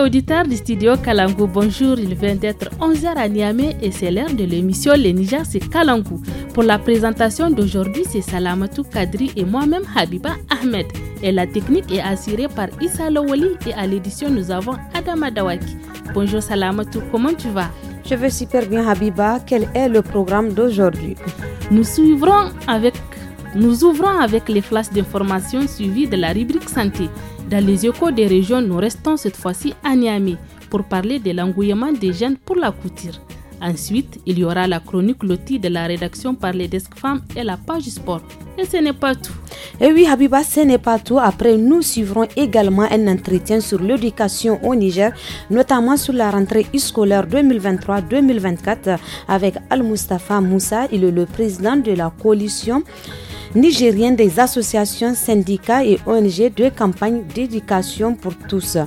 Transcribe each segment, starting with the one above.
auditeurs du studio Kalangu, bonjour. Il vient d'être 11h à Niamey et c'est l'heure de l'émission Les Niger, c'est Kalangu. Pour la présentation d'aujourd'hui, c'est Salamatou Kadri et moi-même Habiba Ahmed. Et la technique est assurée par Issa Lowoli et à l'édition, nous avons Adama Dawaki. Bonjour Salamatou, comment tu vas Je vais super bien Habiba. Quel est le programme d'aujourd'hui Nous suivrons avec... Nous ouvrons avec les flashs d'information suivies de la rubrique santé. Dans les échos des régions, nous restons cette fois-ci à Niamey pour parler de l'engouillement des jeunes pour la couture. Ensuite, il y aura la chronique lotie de la rédaction par les desk femmes et la page sport. Et ce n'est pas tout. Et oui, Habiba, ce n'est pas tout. Après, nous suivrons également un entretien sur l'éducation au Niger, notamment sur la rentrée scolaire 2023-2024 avec Al-Mustafa Moussa. Il est le président de la coalition nigérien des associations, syndicats et ONG de campagne d'éducation pour tous,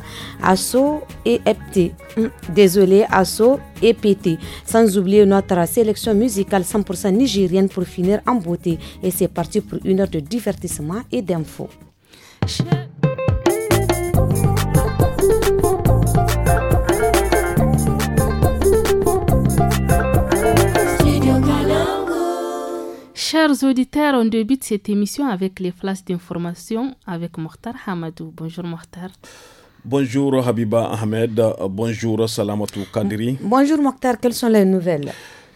ASSO et EPT. Hum, désolé, ASSO et PT. Sans oublier notre sélection musicale 100% nigérienne pour finir en beauté. Et c'est parti pour une heure de divertissement et d'infos. Chers auditeurs, on débute cette émission avec les flashs d'information avec Mokhtar Hamadou. Bonjour Mokhtar. Bonjour Habiba Ahmed. Bonjour Salamatou Kandiri. Bonjour Mokhtar, quelles sont les nouvelles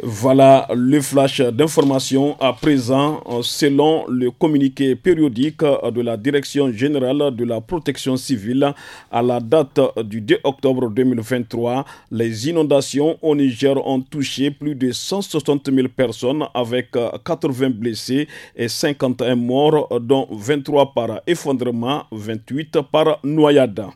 voilà le flash d'information à présent euh, selon le communiqué périodique euh, de la Direction générale de la protection civile à la date euh, du 2 octobre 2023. Les inondations au Niger ont touché plus de 160 000 personnes avec 80 blessés et 51 morts dont 23 par effondrement, 28 par noyade.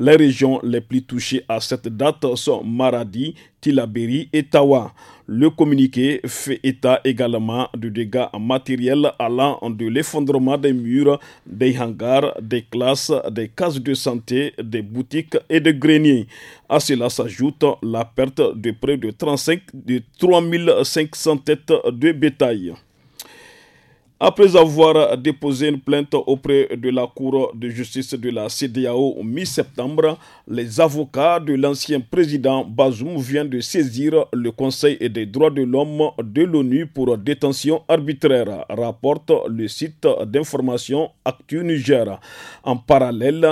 Les régions les plus touchées à cette date sont Maradi, Tilaberi et Tawa. Le communiqué fait état également de dégâts matériels allant de l'effondrement des murs, des hangars, des classes, des cases de santé, des boutiques et des greniers. À cela s'ajoute la perte de près de 35 de 3500 têtes de bétail. Après avoir déposé une plainte auprès de la Cour de justice de la CDAO mi-septembre, les avocats de l'ancien président Bazoum viennent de saisir le Conseil des droits de l'homme de l'ONU pour détention arbitraire, rapporte le site d'information Actu Niger. En parallèle,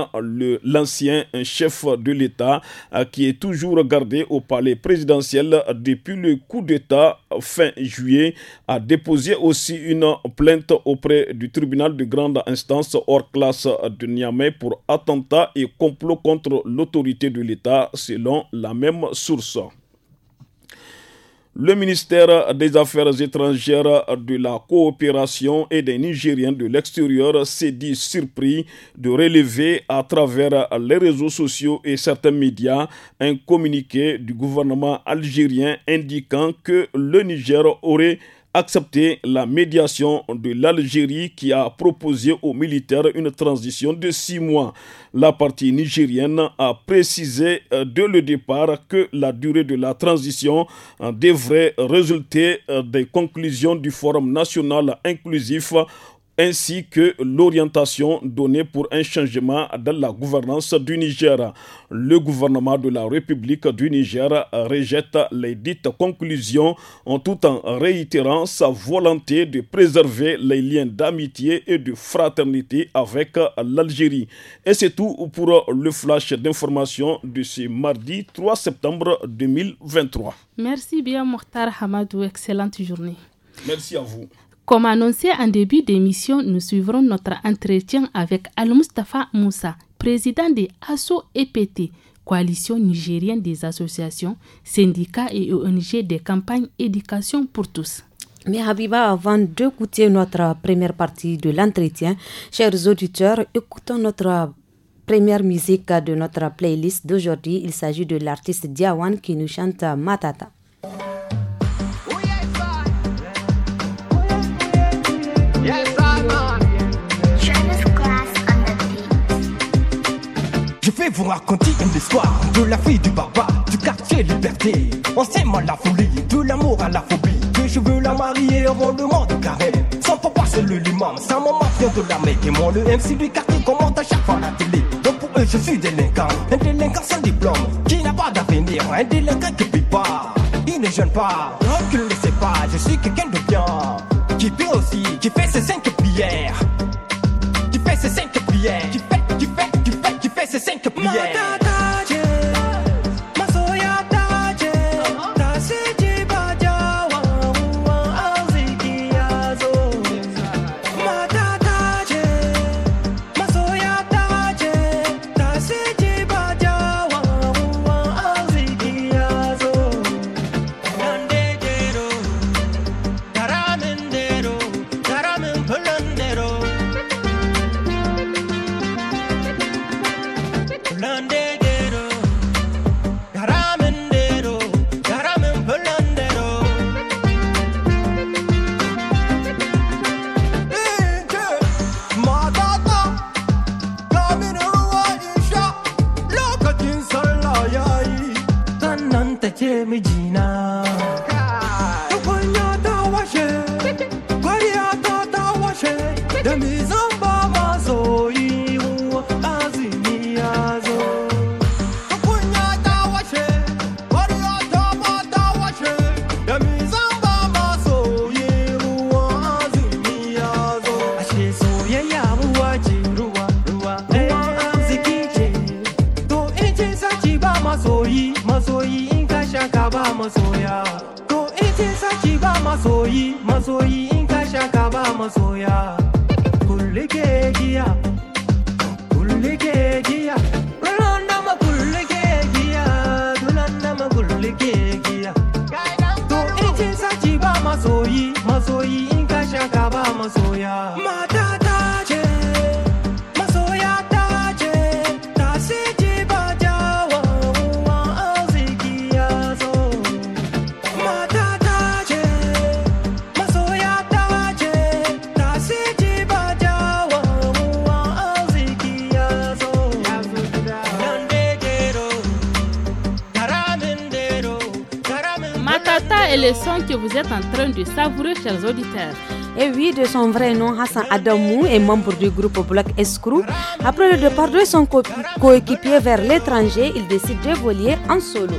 l'ancien chef de l'État, euh, qui est toujours gardé au palais présidentiel depuis le coup d'État fin juillet, a déposé aussi une plainte auprès du tribunal de grande instance hors classe de Niamey pour attentat et complot contre l'autorité Autorité de l'État selon la même source. Le ministère des Affaires étrangères, de la coopération et des Nigériens de l'extérieur s'est dit surpris de relever à travers les réseaux sociaux et certains médias un communiqué du gouvernement algérien indiquant que le Niger aurait accepté la médiation de l'Algérie qui a proposé aux militaires une transition de six mois. La partie nigérienne a précisé euh, dès le départ que la durée de la transition euh, devrait résulter euh, des conclusions du Forum national inclusif ainsi que l'orientation donnée pour un changement dans la gouvernance du Niger. Le gouvernement de la République du Niger rejette les dites conclusions en tout en réitérant sa volonté de préserver les liens d'amitié et de fraternité avec l'Algérie. Et c'est tout pour le flash d'information de ce mardi 3 septembre 2023. Merci bien Mokhtar Hamadou, excellente journée. Merci à vous. Comme annoncé en début d'émission, nous suivrons notre entretien avec Al-Mustafa Moussa, président des ASSO EPT, coalition nigérienne des associations, syndicats et ONG des campagnes éducation pour tous. Mais Habiba, avant d'écouter notre première partie de l'entretien, chers auditeurs, écoutons notre première musique de notre playlist d'aujourd'hui. Il s'agit de l'artiste Diawan qui nous chante Matata. Je vais vous raconter une histoire de la fille du papa du quartier liberté. On s'aime à la folie, de l'amour à la phobie. Que je veux la marier avant le monde carré. Sans papa, c'est le limam, sa maman vient de la Et moi, le MC du quartier commente à chaque fois la télé. Donc pour eux, je suis délinquant, un délinquant sans diplôme, qui n'a pas d'avenir, un délinquant qui pipe pas. Il ne jeûne pas, tu ne sait pas, je suis quelqu'un de bien. Qui paie aussi, qui fait ses cinq prières. Qui fait ses cinq prières, qui fait, qui fait. c'est 5 prières. le son que vous êtes en train de savourer, chers auditeurs. Et oui, de son vrai nom, Hassan Adamou est membre du groupe Black Escrew. Après le départ de son coéquipier vers l'étranger, il décide de voler en solo.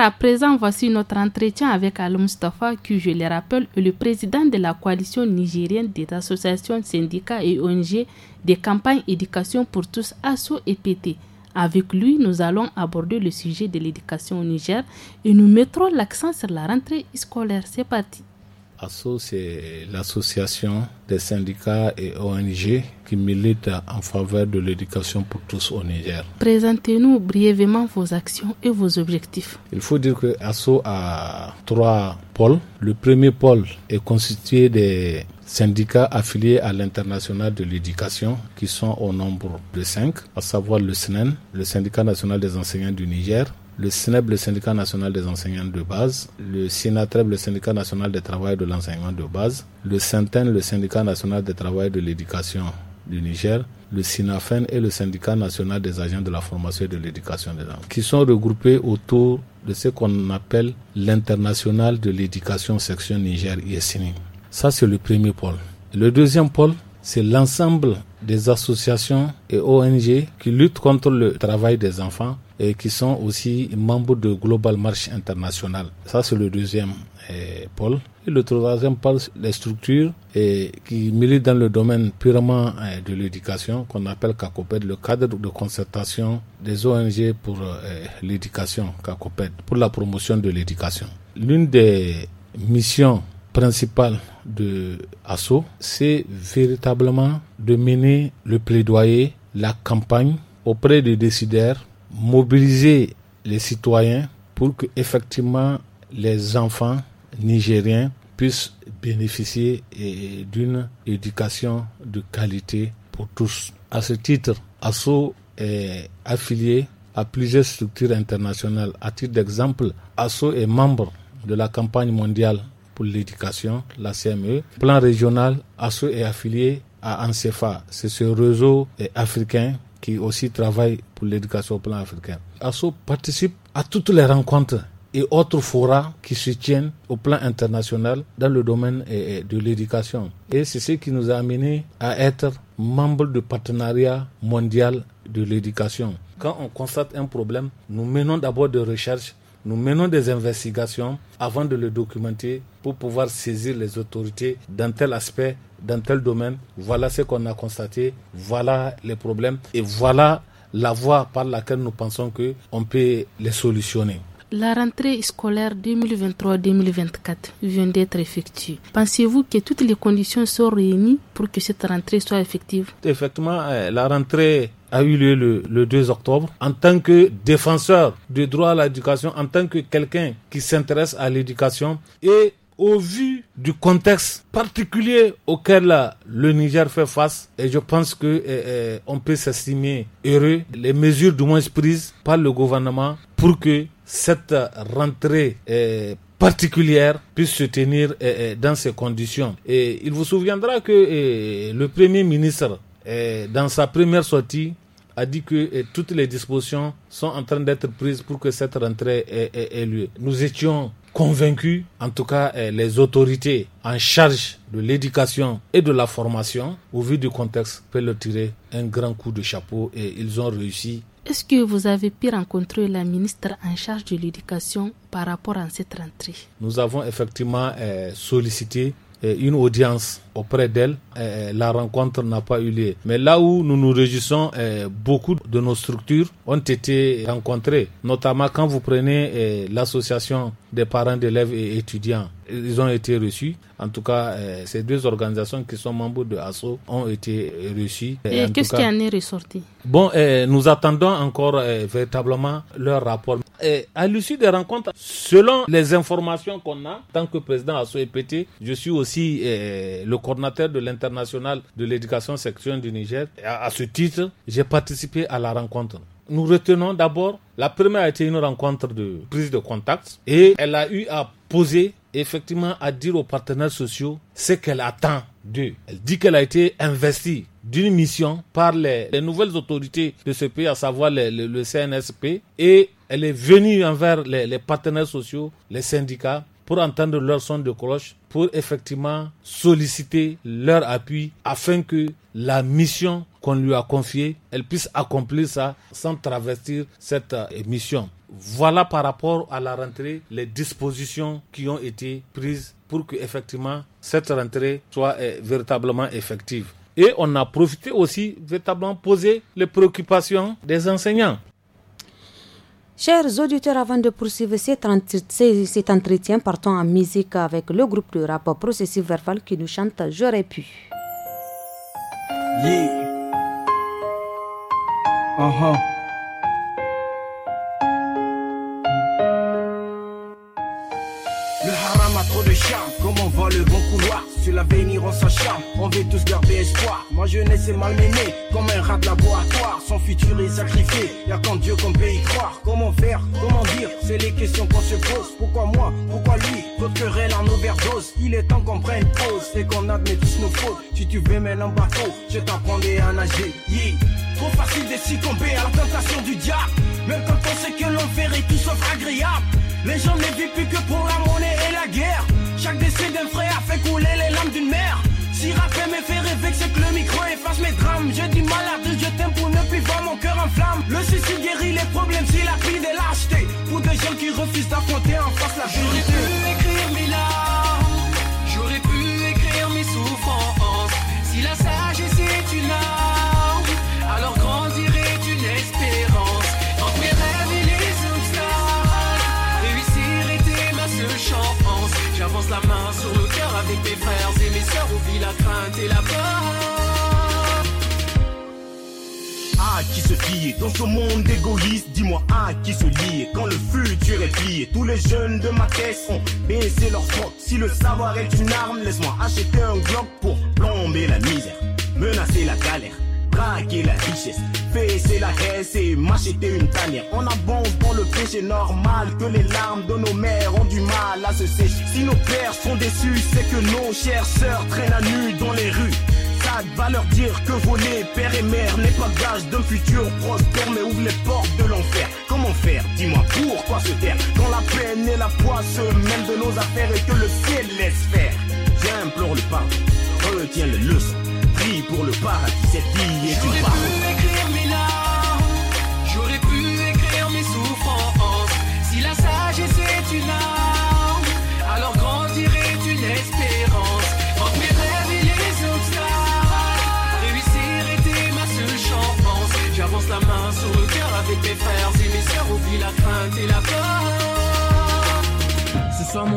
à présent, voici notre entretien avec Al Mustafa, qui, je le rappelle, est le président de la coalition nigérienne des associations, syndicats et ONG des campagnes éducation pour tous, ASSO et PT. Avec lui, nous allons aborder le sujet de l'éducation au Niger et nous mettrons l'accent sur la rentrée scolaire. C'est parti. ASSO, c'est l'association des syndicats et ONG qui milite en faveur de l'éducation pour tous au Niger. Présentez-nous brièvement vos actions et vos objectifs. Il faut dire que ASSO a trois pôles. Le premier pôle est constitué des syndicats affiliés à l'international de l'éducation qui sont au nombre de cinq, à savoir le SNEN, e le syndicat national des enseignants du Niger, le SNEB, le syndicat national des enseignants de base, le SINATREB, le syndicat national des travailleurs de l'enseignement de base, le SENTEN, le syndicat national des travailleurs de l'éducation du Niger, le SINAFEN et le syndicat national des agents de la formation et de l'éducation des Enfants, qui sont regroupés autour de ce qu'on appelle l'international de l'éducation section Niger ISNI. Ça, c'est le premier pôle. Le deuxième pôle, c'est l'ensemble des associations et ONG qui luttent contre le travail des enfants et qui sont aussi membres de Global March International. Ça, c'est le deuxième eh, pôle. Et le troisième pôle, les structures eh, qui militent dans le domaine purement eh, de l'éducation, qu'on appelle CACOPED, le cadre de concertation des ONG pour l'éducation, CACOPED, pour la promotion de l'éducation. L'une des missions principales de ASSO, c'est véritablement de mener le plaidoyer, la campagne auprès des décideurs mobiliser les citoyens pour que effectivement les enfants nigériens puissent bénéficier eh, d'une éducation de qualité pour tous. À ce titre, ASSO est affilié à plusieurs structures internationales. À titre d'exemple, ASSO est membre de la campagne mondiale pour l'éducation, la CME. Plan régional, ASSO est affilié à ANCEFA. C'est ce réseau eh, africain qui aussi travaille pour l'éducation au plan africain. ASSO participe à toutes les rencontres et autres forats qui se tiennent au plan international dans le domaine de l'éducation. Et c'est ce qui nous a amené à être membre du partenariat mondial de l'éducation. Quand on constate un problème, nous menons d'abord des recherches, nous menons des investigations avant de le documenter pour pouvoir saisir les autorités dans tel aspect dans tel domaine, voilà ce qu'on a constaté, voilà les problèmes et voilà la voie par laquelle nous pensons que on peut les solutionner. La rentrée scolaire 2023-2024 vient d'être effectuée. Pensez-vous que toutes les conditions sont réunies pour que cette rentrée soit effective Effectivement, euh, la rentrée a eu lieu le, le, 2 octobre. En tant que défenseur du droit à l'éducation, en tant que quelqu'un qui s'intéresse à l'éducation et au vu du contexte particulier auquel euh, le Niger fait face, et je pense que euh, euh, on peut s'estimer heureux les mesures du moins prises par le gouvernement pour que cette rentrée particulière puisse se tenir dans ces conditions. Et il vous souviendra que le Premier ministre, dans sa première sortie, a dit que toutes les dispositions sont en train d'être prises pour que cette rentrée ait lieu. Nous étions convaincu, en tout cas eh, les autorités en charge de l'éducation et de la formation, au vu du contexte, peuvent leur tirer un grand coup de chapeau et ils ont réussi. Est-ce que vous avez pu rencontrer la ministre en charge de l'éducation par rapport à cette rentrée Nous avons effectivement eh, sollicité eh, une audience auprès d'elle, eh, eh, la rencontre n'a pas eu lieu. Mais là où nous nous réjouissons, eh, beaucoup de nos structures ont été rencontrées, notamment quand vous prenez l'association des parents d'élèves et étudiants. Ils ont été reçus. En tout cas, ces deux organisations qui sont membres de ASSO ont été reçues. Et qu'est-ce qui en est ressorti Bon, nous attendons encore véritablement leur rapport. Et à l'issue des rencontres, selon les informations qu'on a, tant que président ASSO EPT, je suis aussi le coordinateur de l'international de l'éducation section du Niger. Et à ce titre, j'ai participé à la rencontre. Nous retenons d'abord, la première a été une rencontre de prise de contact et elle a eu à poser, effectivement, à dire aux partenaires sociaux ce qu'elle attend d'eux. Elle dit qu'elle a été investie d'une mission par les, nouvelles autorités de ce pays, à savoir le CNSP, et elle est venue envers les, partenaires sociaux, les syndicats, pour entendre leur son de cloche, pour effectivement solliciter leur appui afin que la mission qu'on lui a confiée, elle puisse accomplir ça sans travestir cette euh, mission. Voilà par rapport à la rentrée les dispositions qui ont été prises pour que effectivement cette rentrée soit euh, véritablement effective. Et on a profité aussi véritablement poser les préoccupations des enseignants. Chers auditeurs, avant de poursuivre cet, entretien, entretien partons en musique avec le groupe de rap Processive Verval qui nous chante J'aurais pu. Uh-huh. Le haram a trop de charme, comme on voit le bon couloir sur l'avenir sa charme, on veut tous garder espoir. Moi jeunesse mal malmenée, comme un rat de laboratoire. Son futur est sacrifié, y'a qu'en Dieu qu'on peut y croire. Comment faire, comment dire, c'est les questions qu'on se pose. Pourquoi moi, pourquoi lui, votre querelle en overdose. Il est temps qu'on prenne pause et qu'on admette tous nos fautes. Si tu veux mettre un bateau, je t'apprendrai à nager. Yeah. Trop facile de succomber à la tentation du diable. Même quand on sait que l'enfer est tout sauf agréable. Les gens ne vivent plus que pour la monnaie et la guerre. Chaque décès d'un frère fait couler les lames d'une mère. Si fait me fait rêver que que le micro efface mes drames. J'ai du mal à dire je t'aime pour ne plus voir mon cœur en flamme. Le suicide guérit les problèmes si la pile est lâchetée. Pour des gens qui refusent d'affronter en face la vérité. dans ce monde égoïste Dis-moi à qui se lier quand le futur est plié Tous les jeunes de ma caisse ont baissé leur faute Si le savoir est une arme, laisse-moi acheter un Glock Pour plomber la misère, menacer la galère braquer la richesse, fesser la haisse et m'acheter une tanière. On avance dans le péché normal que les larmes de nos mères ont du mal à se sécher. Si nos pères sont déçus, c'est que nos chères soeurs traînent à nu dans les rues va leur dire que voler père et mère n'est pas gage d'un futur prospère, mais ouvre les portes de l'enfer. Comment faire Dis-moi pourquoi se taire quand la peine et la poisse même de nos affaires et que le ciel laisse faire. J'implore le pardon, retiens les leçons, prie pour le paradis, cette vie est une part.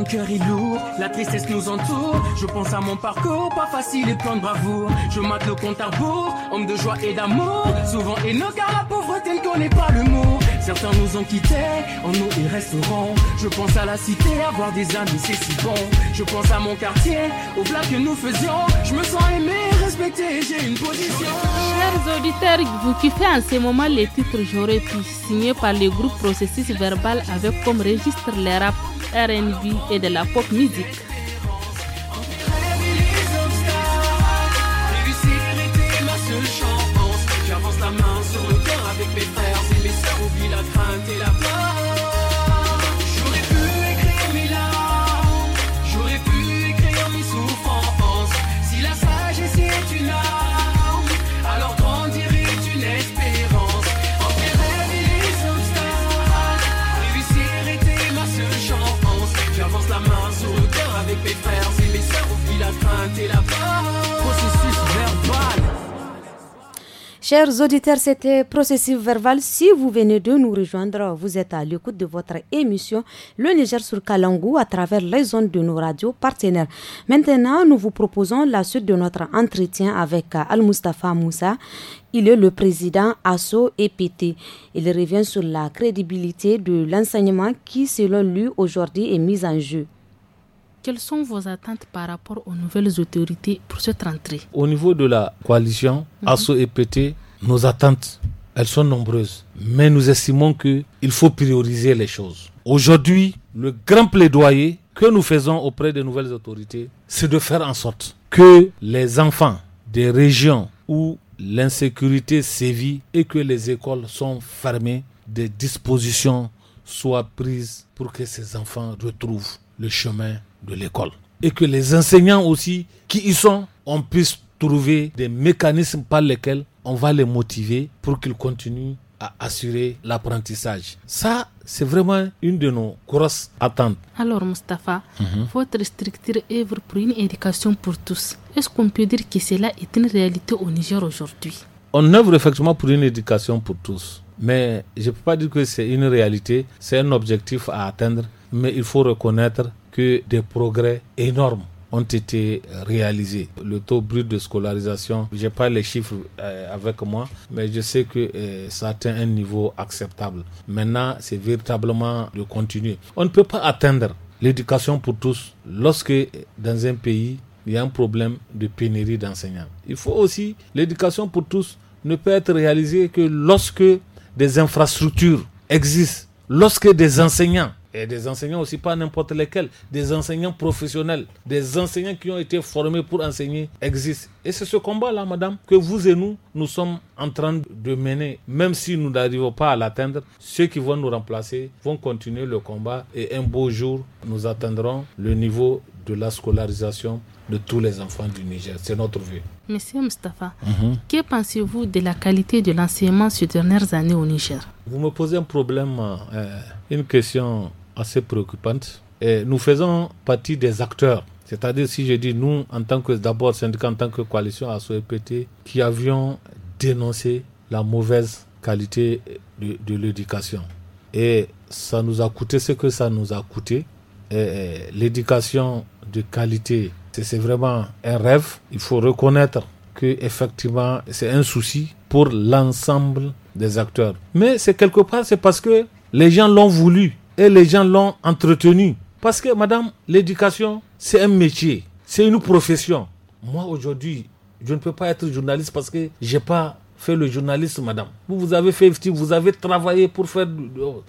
cœur est lourd, la tristesse nous entoure. Je pense à mon parcours, pas facile et plein de bravoure. Je mate le compte à rebours, homme de joie et d'amour. Souvent car la pauvreté ne connaît pas le mot. Certains nous ont quittés en nous ils resteront. Je pense à la cité, avoir des amis c'est si bon. Je pense à mon quartier, aux blagues que nous faisions. Je me sens aimé, respecté, j'ai une position. Chers auditeurs, vous kiffez en ce moment les titres J'aurais pu, signer par le groupe Processus Verbal avec comme registre les rap, RB et de la pop musique. Chers auditeurs, c'était Processive Verbal. Si vous venez de nous rejoindre, vous êtes à l'écoute de votre émission Le Niger sur Kalangou à travers les ondes de nos radios partenaires. Maintenant, nous vous proposons la suite de notre entretien avec Al-Mustafa Moussa. Il est le président ASSO EPT. Il revient sur la crédibilité de l'enseignement qui, selon lui, aujourd'hui est mise en jeu. Quelles sont vos attentes par rapport aux nouvelles autorités pour cette rentrée Au niveau de la coalition aso mhm. ASSO et PT, nos attentes, elles sont nombreuses. Mais nous estimons qu'il faut prioriser les choses. Aujourd'hui, le grand plaidoyer que nous faisons auprès des nouvelles autorités, c'est de faire en sorte que les enfants des régions où l'insécurité sévit et que les écoles sont fermées, des dispositions soient prises pour que ces enfants retrouvent le chemin de l'école. Et que les enseignants aussi qui y sont, on puisse trouver des mécanismes par lesquels on va les motiver pour qu'ils continuent à assurer l'apprentissage. Ça, c'est vraiment une de nos grosses attentes. Alors, Mustapha, mhm. votre structure œuvre pour une éducation pour tous. Est-ce qu'on peut dire que cela est une réalité au Niger aujourd'hui On œuvre effectivement pour une éducation pour tous. Mais je ne peux pas dire que c'est une réalité, c'est un objectif à atteindre mais il faut reconnaître que des progrès énormes ont été réalisés. Le taux brut de scolarisation, je n'ai pas les chiffres euh, avec moi, mais je sais que euh, ça atteint un niveau acceptable. Maintenant, c'est véritablement de continuer. On ne peut pas atteindre l'éducation pour tous lorsque dans un pays, il y a un problème de pénurie d'enseignants. Il faut aussi, l'éducation pour tous ne peut être réalisée que lorsque des infrastructures existent, lorsque des enseignants et des enseignants aussi, pas n'importe lesquels, des enseignants professionnels, des enseignants qui ont été formés pour enseigner existent. Et c'est ce combat-là, madame, que vous et nous, nous sommes en train de mener. Même si nous n'arrivons pas à l'atteindre, ceux qui vont nous remplacer vont continuer le combat et un beau jour, nous atteindrons le niveau de la scolarisation de tous les enfants du Niger. C'est notre vue. Monsieur Mustafa, mhm. que pensez-vous de la qualité de l'enseignement ces dernières années au Niger Vous me posez un problème, euh, une question assez préoccupante. nous faisons partie des acteurs. C'est-à-dire, si je dis nous, en tant que d'abord syndicat, en tant que coalition à qui avions dénoncé la mauvaise qualité de, de l'éducation. Et ça nous a coûté ce que ça nous a coûté. L'éducation de qualité, c'est vraiment un rêve. Il faut reconnaître que effectivement c'est un souci pour l'ensemble des acteurs. Mais c'est quelque part c'est parce que les gens l'ont voulu et les gens l'ont entretenu. Parce que, madame, l'éducation, c'est un métier, c'est une profession. Moi, aujourd'hui, je ne peux pas être journaliste parce que je n'ai pas fait le journaliste, madame. Vous, vous avez fait, vous avez travaillé pour faire.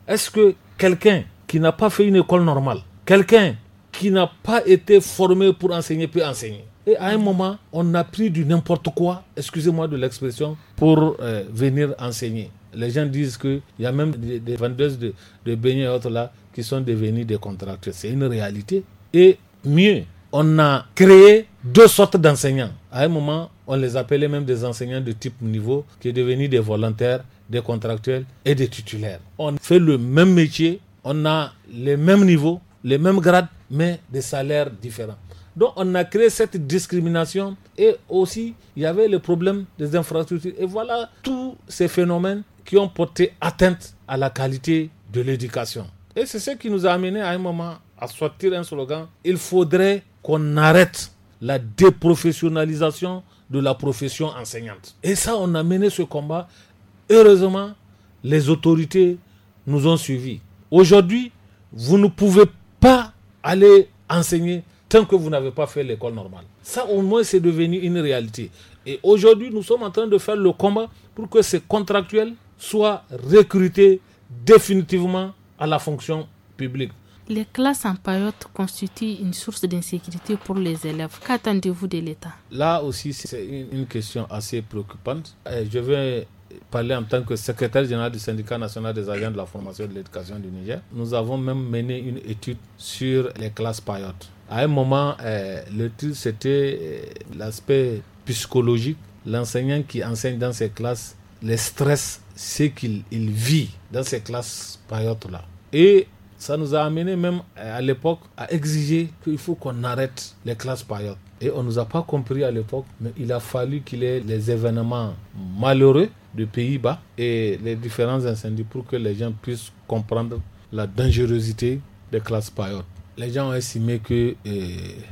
Est-ce que quelqu'un qui n'a pas fait une école normale, quelqu'un qui n'a pas été formé pour enseigner peut enseigner Et à un moment, on a pris du n'importe quoi, excusez-moi de l'expression, pour euh, venir enseigner. Les gens disent qu'il y a même des, vendeuses de, beignets et autres là qui sont devenues des contracteurs. C'est une réalité. Et mieux, on a créé deux sortes d'enseignants. À un moment, on les appelait même des enseignants de type niveau qui est devenu des volontaires, des contractuels et des titulaires. On fait le même métier, on a les mêmes niveaux, les mêmes grades, mais des salaires différents. Donc on a créé cette discrimination et aussi il y avait le problème des infrastructures. Et voilà tous ces phénomènes qui ont porté atteinte à la qualité de l'éducation. Et c'est ce qui nous a amené à un moment à sortir un slogan, il faudrait qu'on arrête la déprofessionnalisation de la profession enseignante. Et ça, on a mené ce combat. Heureusement, les autorités nous ont suivis. Aujourd'hui, vous ne pouvez pas aller enseigner tant que vous n'avez pas fait l'école normale. Ça, au moins, c'est devenu une réalité. Et aujourd'hui, nous sommes en train de faire le combat pour que ces contractuels Soit recrutés définitivement à la fonction publique. Les classes en paillotte constituent une source d'insécurité pour les élèves. Qu'attendez-vous de l'État Là aussi, c'est une question assez préoccupante. Euh, je vais parler en tant que secrétaire général du syndicat national des agents de la formation et de l'éducation du Niger. Nous avons même mené une étude sur les classes paillotes. À un moment, euh, le c'était euh, l'aspect psychologique. L'enseignant qui enseigne dans ces classes, les stress c'est qu'il vit dans ces classes périodes-là. Et ça nous a amené même euh, à l'époque à exiger qu'il faut qu'on arrête les classes périodes. Et on ne nous a pas compris à l'époque, mais il a fallu qu'il ait les événements malheureux du Pays-Bas et les différents incendies pour que les gens puissent comprendre la dangerosité des classes périodes. Les gens ont estimé que puisqu'on euh,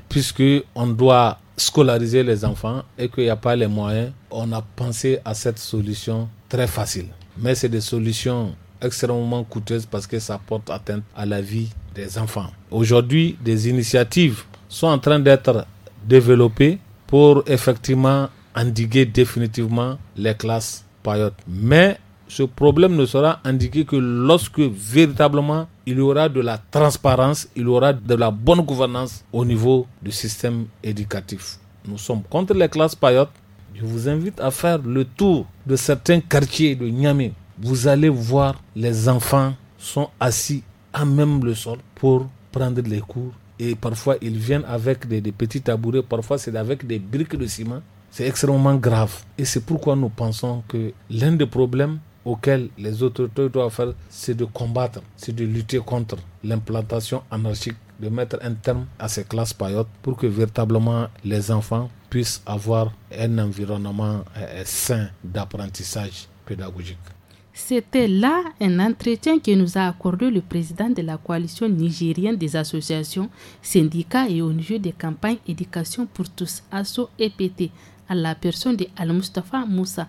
puisque on doit scolariser les enfants et qu'il n'y a pas les moyens, on a pensé à cette solution très facile. Mais c'est des solutions extrêmement coûteuses parce que ça porte atteinte à la vie des enfants. Aujourd'hui, des initiatives sont en train d'être développées pour effectivement endiguer définitivement les classes payotes. Mais ce problème ne sera indiqué que lorsque véritablement il y aura de la transparence, il y aura de la bonne gouvernance au niveau du système éducatif. Nous sommes contre les classes payotes, je vous invite à faire le tour de certains quartiers de Niamey. Vous allez voir, les enfants sont assis à même le sol pour prendre les cours. Et parfois, ils viennent avec des, des petits tabourets, parfois c'est avec des briques de ciment. C'est extrêmement grave. Et c'est pourquoi nous pensons que l'un des problèmes, auquel les autorités doivent faire, c'est de combattre, c'est de lutter contre l'implantation anarchique, de mettre un terme à ces classes payotes pour que véritablement les enfants puissent avoir un environnement euh, euh, sain d'apprentissage pédagogique. C'était là un entretien que nous a accordé le président de la coalition nigérienne des associations, syndicats et ONG des campagnes Éducation pour tous, ASSO ept à la personne de Al-Mustafa Moussa,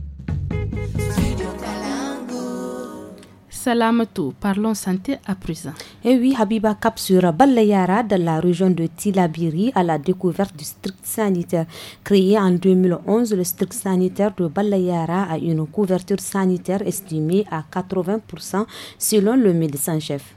Salamato, parlons santé à présent. Et eh oui, Habiba Cap sur Balayara, dans la région de Tilabiri, à la découverte du strict sanitaire. Créé en 2011, le strict sanitaire de Balayara a une couverture sanitaire estimée à 80% selon le médecin-chef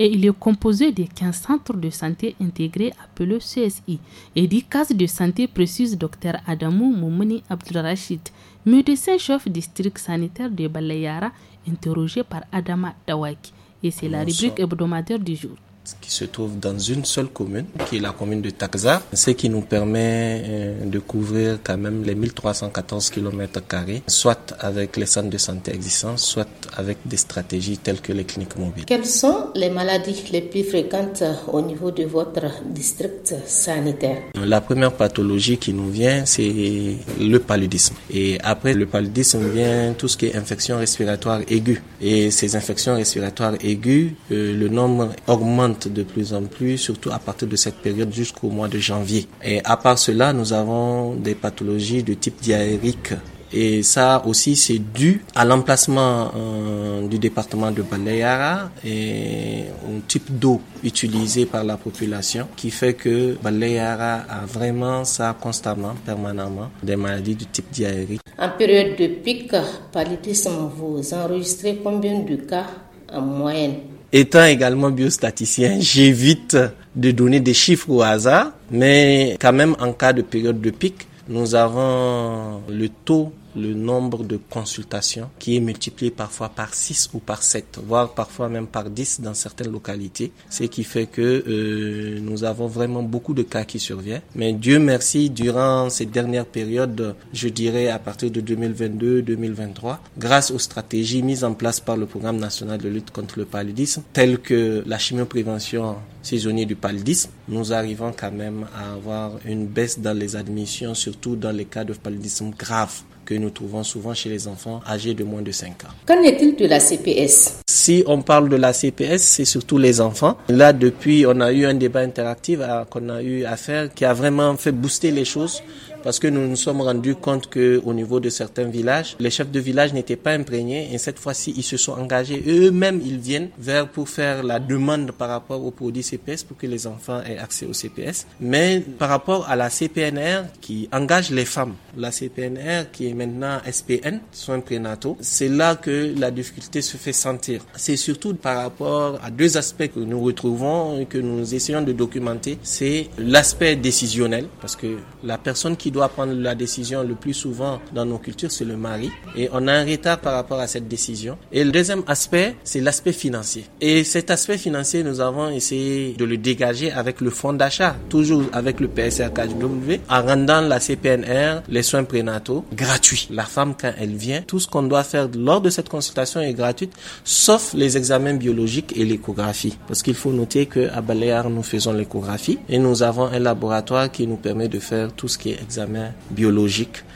et il est composé de 15 centres de santé intégrés appelés CSI et 10 cases de santé précise Dr Adamou Moumouni Abdulrachid, médecin-chef du district sanitaire de Balayara interrogé par Adama Tawaki Et c'est la rubrique hebdomadaire du jour qui se trouve dans une seule commune, qui est la commune de Taxa, ce qui nous permet euh, de couvrir quand même les 1314 km, soit avec les centres de santé existants, soit avec des stratégies telles que les cliniques mobiles. Quelles sont les maladies les plus fréquentes euh, au niveau de votre district sanitaire La première pathologie qui nous vient, c'est le paludisme. Et après le paludisme vient tout ce qui est infection respiratoire aiguë. Et ces infections respiratoires aiguës, euh, le nombre augmente de plus en plus, surtout à partir de cette période jusqu'au mois de janvier. Et à part cela, nous avons des pathologies de type diarrhéique et ça aussi, c'est dû à l'emplacement euh, du département de Baleara et au type d'eau utilisé par la population qui fait que Baleara a vraiment ça constamment, permanemment, des maladies du type diarrhéique. En période de pic, paludisme, vous enregistrez combien de cas en moyenne Étant également biostaticien, j'évite de donner des chiffres au hasard, mais quand même en cas de période de pic, nous avons le taux le nombre de consultations qui est multiplié parfois par 6 ou par 7, voire parfois même par 10 dans certaines localités, ce qui fait que euh, nous avons vraiment beaucoup de cas qui surviennent. Mais Dieu merci, durant ces dernières périodes, je dirais à partir de 2022-2023, grâce aux stratégies mises en place par le programme national de lutte contre le paludisme, telles que la chimioprévention saisonnière du paludisme, nous arrivons quand même à avoir une baisse dans les admissions, surtout dans les cas de paludisme grave que nous trouvons souvent chez les enfants âgés de moins de 5 ans. Qu'en est-il de la CPS Si on parle de la CPS, c'est surtout les enfants. Là, depuis, on a eu un débat interactif ah, qu'on a eu à faire qui a vraiment fait booster les choses parce que nous nous sommes rendus compte que au niveau de certains villages, les chefs de village n'étaient pas imprégnés et cette fois-ci, ils se sont engagés. Eux-mêmes, ils viennent vers pour faire la demande par rapport aux produits CPS pour que les enfants aient accès au CPS. Mais par rapport à la CPNR qui engage les femmes, la CPNR qui est maintenant SPN, soins prénataux, c'est là que la difficulté se fait sentir. C'est surtout par rapport à deux aspects que nous retrouvons et que nous essayons de documenter. C'est l'aspect décisionnel parce que la personne qui doit doit prendre la décision le plus souvent dans nos cultures, c'est le mari. Et on a un retard par rapport à cette décision. Et le deuxième aspect, c'est l'aspect financier. Et cet aspect financier, nous avons essayé de le dégager avec le fonds d'achat, toujours avec le PSRKW, en rendant la CPNR, les soins prénataux, gratuits. La femme, quand elle vient, tout ce qu'on doit faire lors de cette consultation est gratuite, sauf les examens biologiques et l'échographie. Parce qu'il faut noter qu'à Balear, nous faisons l'échographie et nous avons un laboratoire qui nous permet de faire tout ce qui est examen examens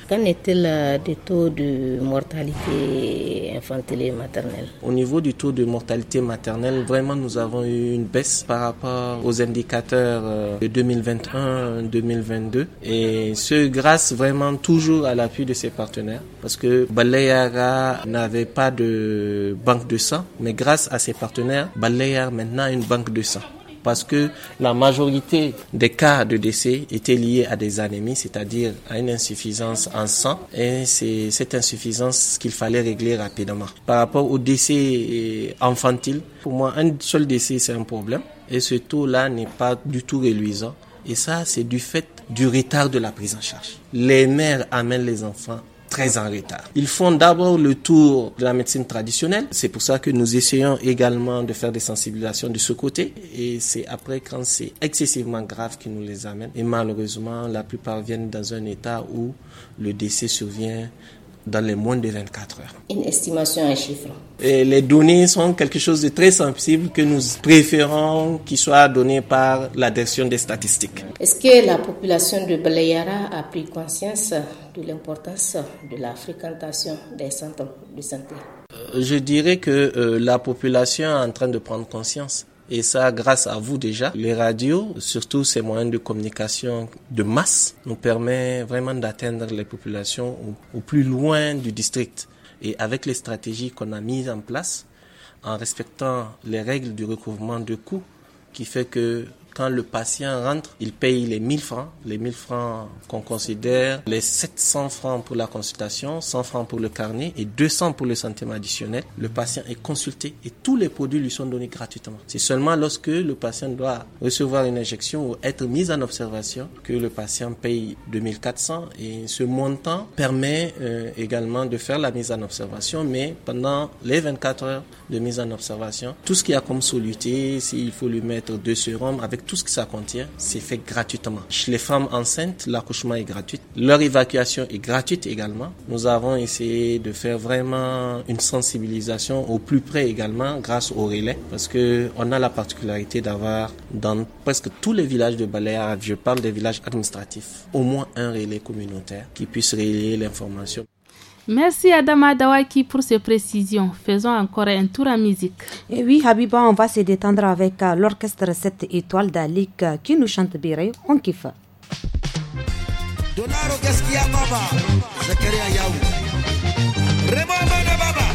Qu'en est-il euh, des taux de mortalité infantile et maternelle Au niveau du taux de mortalité maternelle, vraiment nous avons eu une baisse par rapport aux indicateurs euh, de 2021-2022 et ce grâce vraiment toujours à l'appui de ses partenaires parce que Balayara n'avait pas de banque de sang mais grâce à ses partenaires, Balayara maintenant a une banque de sang parce que la majorité des cas de décès étaient liés à des anémies, c'est-à-dire à une insuffisance en sang, et c'est cette insuffisance qu'il fallait régler rapidement. Par rapport au décès euh, infantile, pour moi, un seul décès, c'est un problème, et ce taux-là n'est pas du tout réluisant et ça, c'est du fait du retard de la prise en charge. Les mères amènent les enfants très en retard. Ils font d'abord le tour de la médecine traditionnelle. C'est pour ça que nous essayons également de faire des sensibilisations de ce côté. Et c'est après quand c'est excessivement grave qu'ils nous les amènent. Et malheureusement, la plupart viennent dans un état où le décès survient dans les moins de 24 heures. Une estimation, un chiffre les données sont quelque chose de très sensible que nous préférons qu'il soit donné par la des statistiques. Est-ce que la population de Balayara a pris conscience de l'importance de la fréquentation des centres de santé euh, Je dirais que euh, la population est en train de prendre conscience. Et ça, grâce à vous déjà, les radios, surtout ces moyens de communication de masse, nous permettent vraiment d'atteindre les populations au plus loin du district. Et avec les stratégies qu'on a mises en place, en respectant les règles du recouvrement de coûts, qui fait que quand le patient rentre, il paye les 1000 francs, les 1000 francs qu'on considère, les 700 francs pour la consultation, 100 francs pour le carnet et 200 pour le centime additionnel. Le patient est consulté et tous les produits lui sont donnés gratuitement. C'est seulement lorsque le patient doit recevoir une injection ou être mis en observation que le patient paye 2400 et ce montant permet euh, également de faire la mise en observation, mais pendant les 24 heures de mise en observation, tout ce qu'il y a comme soluté, s'il faut lui mettre deux sérums avec tout ce que ça contient, c'est fait gratuitement. Chez les femmes enceintes, l'accouchement est gratuit. Leur évacuation est gratuite également. Nous avons essayé de faire vraiment une sensibilisation au plus près également grâce au relais parce que on a la particularité d'avoir dans presque tous les villages de balear je parle des villages administratifs, au moins un relais communautaire qui puisse relayer l'information. Merci Adama Dawaki pour ces précisions. Faisons encore un tour en musique. Et oui, Habiba, on va se détendre avec euh, l'orchestre 7 étoiles d'Alik euh, qui nous chante Biré. On kiffe. Donaro gaskiya baba Zakaria Yaou Remama na baba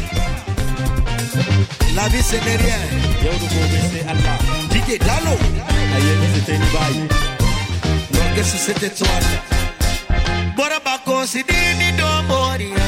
La vie c'est rien Yaou du c'est Allah Dike Dalo Ayemi c'était ni L'orchestre 7 étoiles Bora bako c'est dini do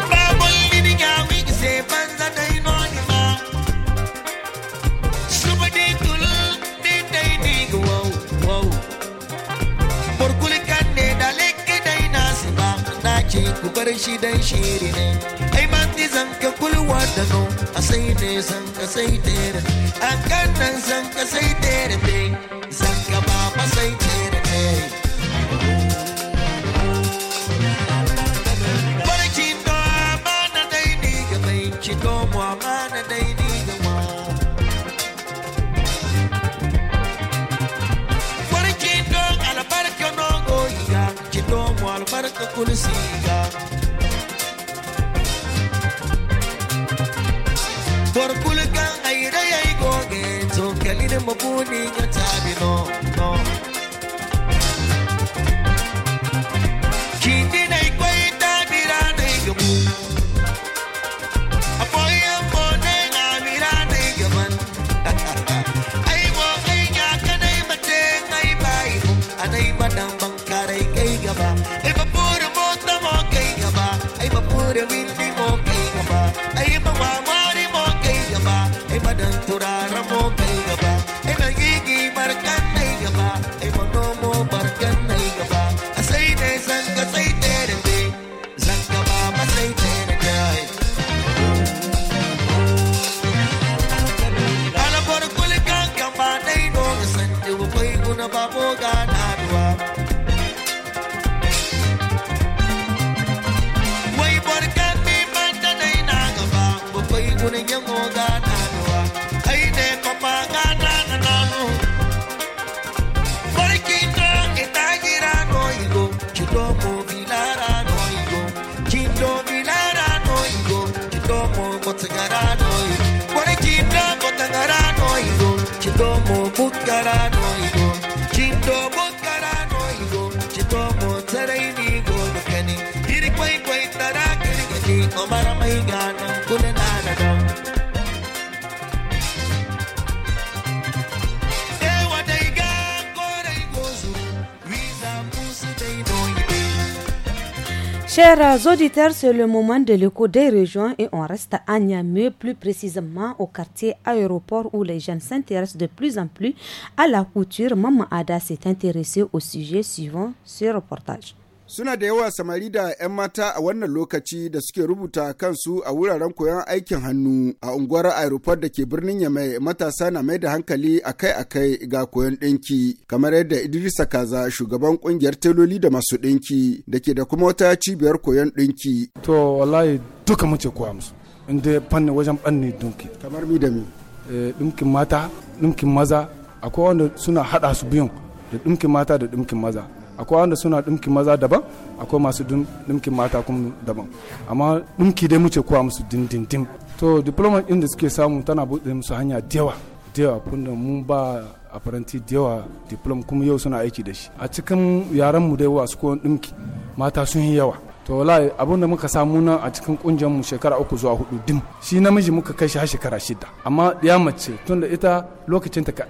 ku shi dan shiri ne ai man di zanka kulwa da no a sai ne zanka sai tere a kan nan zanka sai tere dai would need Chers auditeurs, c'est le moment de l'écho des régions et on reste à Niamey, plus précisément au quartier aéroport où les jeunes s'intéressent de plus en plus à la couture. Maman Ada s'est intéressée au sujet suivant ce reportage. Suna da yawa samari da 'yan mata a wannan lokaci da suke rubuta kansu a wuraren koyon aikin hannu a unguwar aeroport da ke birnin Yamai matasa na mai da hankali akai-akai ga koyon ɗinki kamar yadda Idrisa Kaza shugaban kungiyar teloli da masu ɗinki da ke da kuma wata cibiyar koyon ɗinki. To wallahi duka muke kowa musu inda fanni wajen fanni dunki Kamar mi da mi. Eh, ɗinkin mata, ɗinkin maza, akwai wanda suna haɗa su biyun da ɗinkin mata da ɗinkin maza. akwai wanda suna ɗumkin maza daban akwai masu dumkin mata kuma daban amma ɗumki dai muke kowa musu dindindin to diploma din da suke samu tana buɗe musu hanya dewa dewa kunda mun ba a faranti diploma kuma yau suna aiki da shi a cikin yaran mu da yawa su koyon dumki mata sun yi yawa to wallahi abin da muka samu nan a cikin kungiyar mu shekara uku zuwa hudu dim shi namiji muka kai shi har shekara shida amma ya mace tunda ita lokacinta ta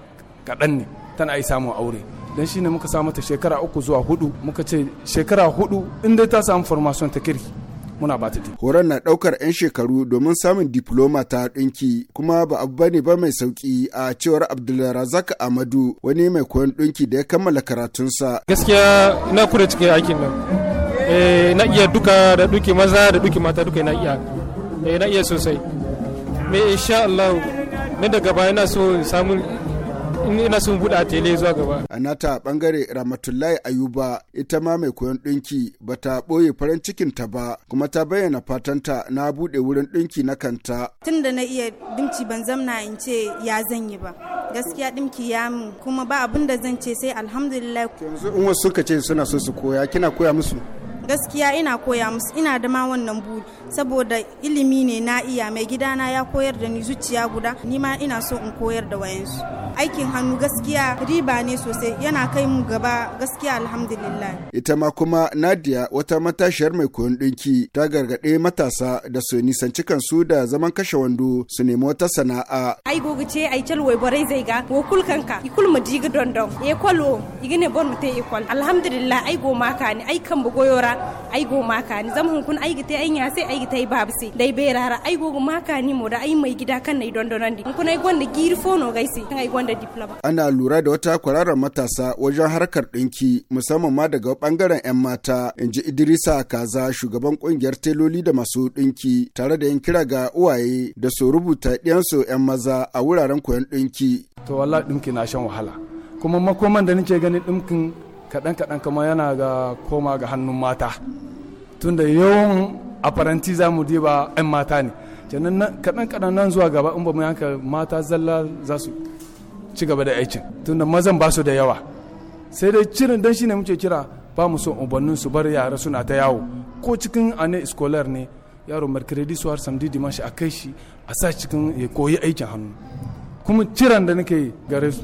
kaɗan ne tana yi samun aure dan shine muka sa mata shekara uku zuwa hudu muka ce shekara hudu in dai ta samu formation ta kirki muna ba ta horon na daukar 'yan shekaru domin samun diploma ta dinki kuma ba abu bane ba mai sauki a cewar abdulrazak amadu wani mai koyon dinki da ya kammala karatunsa gaskiya na kure cikin aikin nan eh, na iya duka da duki maza da duki mata duka na iya eh, na iya sosai me insha Allah na daga baya na so samun ina sun buɗa tele zuwa gaba. A nata bangare Ramatullahi Ayuba ita ma mai koyon ɗinki ba ta ɓoye farin cikin ta ba kuma ta bayyana fatanta na buɗe wurin ɗinki na kanta. Tun da na iya dimci ban zamna in ce ya zan yi ba. Gaskiya ɗinki ya mu kuma ba abin da zan ce sai alhamdulillah. Yanzu in wasu suka ce suna so su koya kina koya musu. gaskiya ina koya musu ina da ma wannan buri saboda ilimi ne na iya mai gidana ya koyar da ni zuciya guda ni ma ina so in koyar da wayansu aikin hannu gaskiya riba ne sosai yana kai mu gaba gaskiya alhamdulillah ita ma kuma Nadia wata matashiyar mai koyon dinki ta gargaɗe matasa da su nisanci kansu da zaman kashe wando su nemi wata sana'a ai gogo ce ai cel wai bare zai ga ko kul kanka ikul mu diga dondon e kwalo igine bon mu te ikol alhamdulillah ai go maka ne ai kan bu ra ai go maka ni zam hun kun ai gite ai nya sai ai gite babsi dai be rara ai go maka ni mo da ai mai gida kan nai don don di kun ai gonda giri fono gaisi ai gonda diploma ana lura da wata kwararar matasa wajen harkar dinki musamman ma daga bangaren yan mata inji Idrisa Kaza shugaban kungiyar teloli da masu dinki tare da yin kira ga uwaye da su rubuta diyansu yan maza a wuraren koyon dinki to wallahi dinki na shan wahala kuma makoman da nake ganin dinkin kaɗan kaɗan kuma yana ga koma ga hannun mata tunda yawan a faranti za mu diba 'yan mata ne kenan kaɗan kaɗan nan zuwa gaba in ba mu yanka mata zalla za su ci gaba da aikin tunda mazan ba su da yawa sai dai cirin dan shine muke kira ba mu son ubannin su bar yara suna ta yawo ko cikin ane scholar ne yaro mercredi suwar samedi shi, a kai shi a sa cikin ya koyi aikin hannu kuma ciran da nake gare su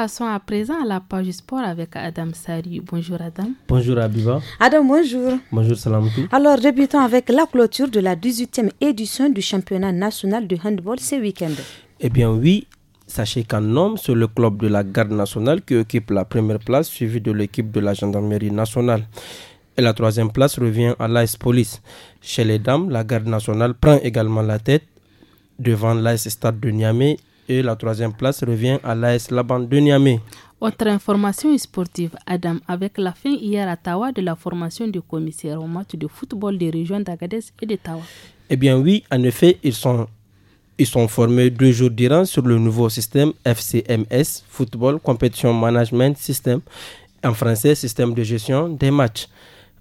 passons à présent à la page sport avec Adam Sari. Bonjour Adam. Bonjour Abiba. Adam, bonjour. Bonjour Salam. Alors, débutons avec la clôture de la 18e édition du championnat national de handball ce week-end. Eh bien oui, Sachez qu'un homme, c'est le club de la garde nationale qui occupe la première place, suivi de l'équipe de la gendarmerie nationale. Et la troisième place revient à l'Ice Police. Chez les dames, la garde nationale prend également la tête devant l'Ice Stade de Niamey et la troisième place revient à l'AS Laban de Niamey. Autre information sportive, Adam, avec la fin hier à Tawa de la formation du commissaire au match de football des régions d'Agadez et de Tawa. Eh bien oui, en effet, ils sont, ils sont formés deux jours durant sur le nouveau système FCMS, Football Competition Management System, en français système de gestion des matchs.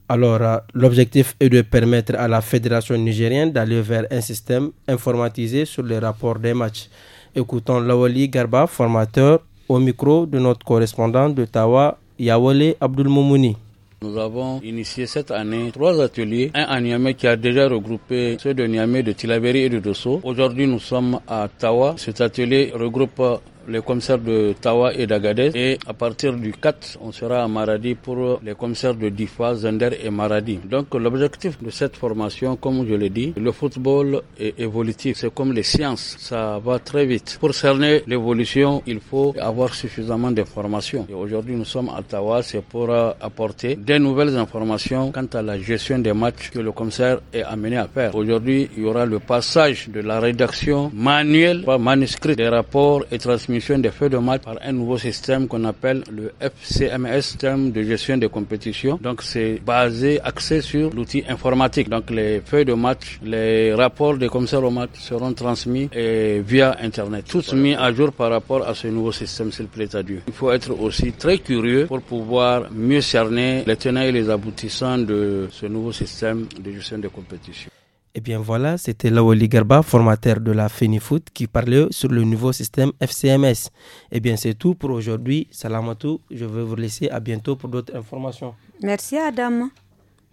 Alors, euh, l'objectif est de permettre à la Fédération nigérienne d'aller vers un système informatisé sur les rapports des matchs. Écoutons Lawali Garba, formateur, au micro de notre correspondant Tawa, Yawale Abdulmoumouni. Nous avons initié cette année trois ateliers, un à Niamey qui a déjà regroupé ceux de Niamey, de Tilaberi et de Dosso. Aujourd'hui, nous sommes à Tawa. Cet atelier regroupe les commissaires de Tawa et d'Agadez. Et à partir du 4, on sera à Maradi pour les commissaires de Difa, Zender et Maradi. Donc l'objectif de cette formation, comme je l'ai dit, le football est évolutif. C'est comme les sciences, ça va très vite. Pour cerner l'évolution, il faut avoir suffisamment d'informations. Et aujourd'hui, nous sommes à Tawa, c'est pour apporter des nouvelles informations quant à la gestion des matchs que le commissaire est amené à faire. Aujourd'hui, il y aura le passage de la rédaction manuelle, par manuscrit des rapports et transmissions des feuilles de match par un nouveau système qu'on appelle le FCMS, système de gestion des compétitions. Donc c'est basé, axé sur l'outil informatique. Donc les feuilles de match, les rapports des commissaires au match seront transmis et via Internet, Toutes mis à jour par rapport à ce nouveau système, s'il plaît à Dieu. Il faut être aussi très curieux pour pouvoir mieux cerner les tenants et les aboutissants de ce nouveau système de gestion de compétition. Et eh bien voilà, c'était Laweli Garba, formateur de la FENIFOOT, qui parlait sur le nouveau système FCMS. Et eh bien c'est tout pour aujourd'hui. Salamatou, je vais vous laisser à bientôt pour d'autres informations. Merci Adam.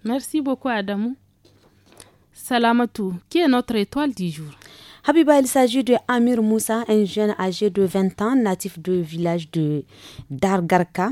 Merci beaucoup Adam. Salamatou, qui est notre étoile du jour Habiba, il s'agit de Amir Moussa, un jeune âgé de 20 ans, natif du village de Dargarka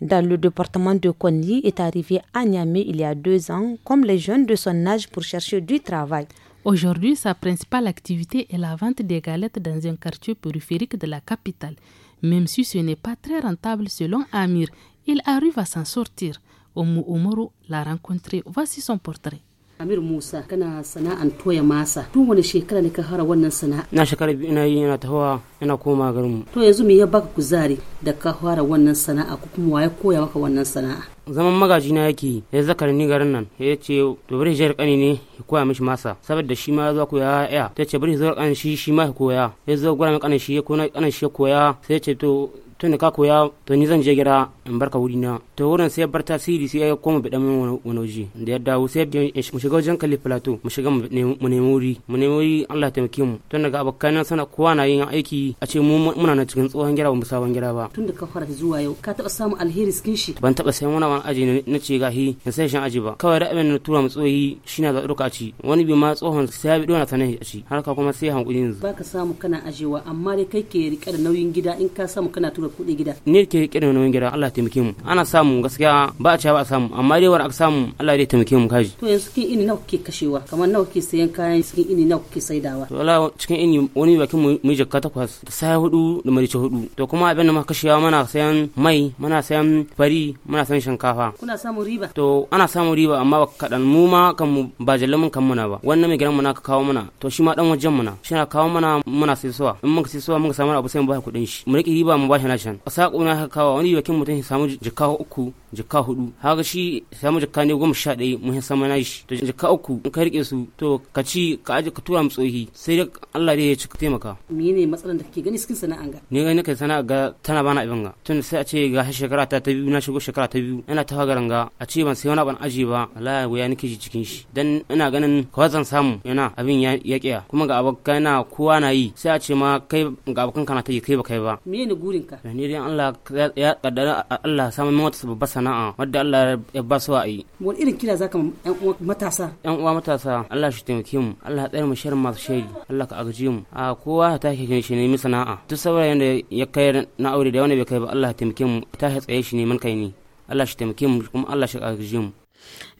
dans le département de Konyi est arrivé à Niamey il y a deux ans, comme les jeunes de son âge pour chercher du travail. Aujourd'hui, sa principale activité est la vente des galettes dans un quartier périphérique de la capitale. Même si ce n'est pas très rentable selon Amir, il arrive à s'en sortir. Oumu Omoro l'a rencontré. Voici son portrait. Amir Musa kana sana'an toya masa tun wani shekara ne ka fara wannan sana'a na shekara biyu ina yi yana tawa yana koma garinmu to yanzu me ya baka kuzari da ka fara wannan sana'a ko kuma waye koya maka wannan sana'a zaman magaji na yake ya zakar ni garin nan ya ce to bari jar kani ne ya koya mishi masa saboda shi ma zuwa koya ya ta ce bari zuwa kanin shi shi ma ya koya ya zo gura kanin shi ya koya shi ya koya sai ya ce to tun da ka koya to ni zan je gida in barka wuri na to wurin sai bar tasiri sai ya koma bidan min wani waje da ya dawo sai mu shiga wajen kalli plateau mu shiga mu nemi wuri mu nemi wuri Allah ya taimake mu tun daga abokan nan sana kowa na yin aiki a ce mu muna na cikin tsohon gida ba mu sabon gida ba tun da ka fara zuwa yau ka taba samu alheri cikin shi ban taba sai muna wani aji na ce gahi na sai shan aji ba kawai da abin na tura mu tsohi shine za ɗauka ci wani bi ma tsohon sai ya bi dona sanin a ci har ka kuma sai hankuli yanzu baka samu kana ajewa amma dai kai ke rike da nauyin gida in ka samu kana tura kuɗi gida ne ke rike da nauyin gida Allah taimake mu ana samu gaskiya ba a cewa ba a samu amma dai wani aka samu Allah dai taimake mu kaji to yanzu cikin ini nawa kuke kashewa kamar nawa kuke sayan kayan cikin ini nawa kuke saidawa to wala cikin ini wani bakin mu jakka takwas da sai hudu da marice hudu to kuma abin da muka kashewa mana sayan mai mana sayan fari mana sayan shinkafa kuna samun riba to ana samun riba amma ba kadan mu ma kan mu ba jallamin kan muna ba wannan mai gidan mu na ka kawo mana to shi ma dan wajen mu na shi na kawo mana muna sai suwa in muka sai suwa muka samu abu sai mu ba kudin shi mu riƙe riba mu ba shi na can a saƙo na ka kawo wani bakin mutum samu jikawa uku jikka hudu haka shi samu jikka ne goma sha ɗaya mun sama na shi to jikka uku in ka rike su to ka ci ka aje ka tura tsohi sai dai Allah dai ya ci taimaka menene matsalar da kake gani cikin sana'an ga ni gani kai sana'a ga tana bana ibin ga tun sai a ce ga shekara ta ta biyu na shigo shekara ta biyu ina ta fagaran ga a ce ban sai wani ban aje ba wallahi ya nake ji cikin shi dan ina ganin kawai zan samu yana abin ya kiya kuma ga abokan na kowa na yi sai a ce ma kai ga abokan kana ta yi kai ba kai ba menene gurin ka ne dai Allah ya kaddara Allah samu mota babbar sana'a wadda Allah ya ba su wa'ayi wani irin kira zaka yan uwa matasa yan uwa matasa Allah shi taimake mu Allah ya tsare mu sharrin masu shari Allah ka agaji mu a kowa ta take shi nemi sana'a duk saurayin da ya kai na aure da wani bai kai ba Allah ya taimake mu ta tsaye shi neman kai ne Allah shi taimake mu kuma Allah shi agaji mu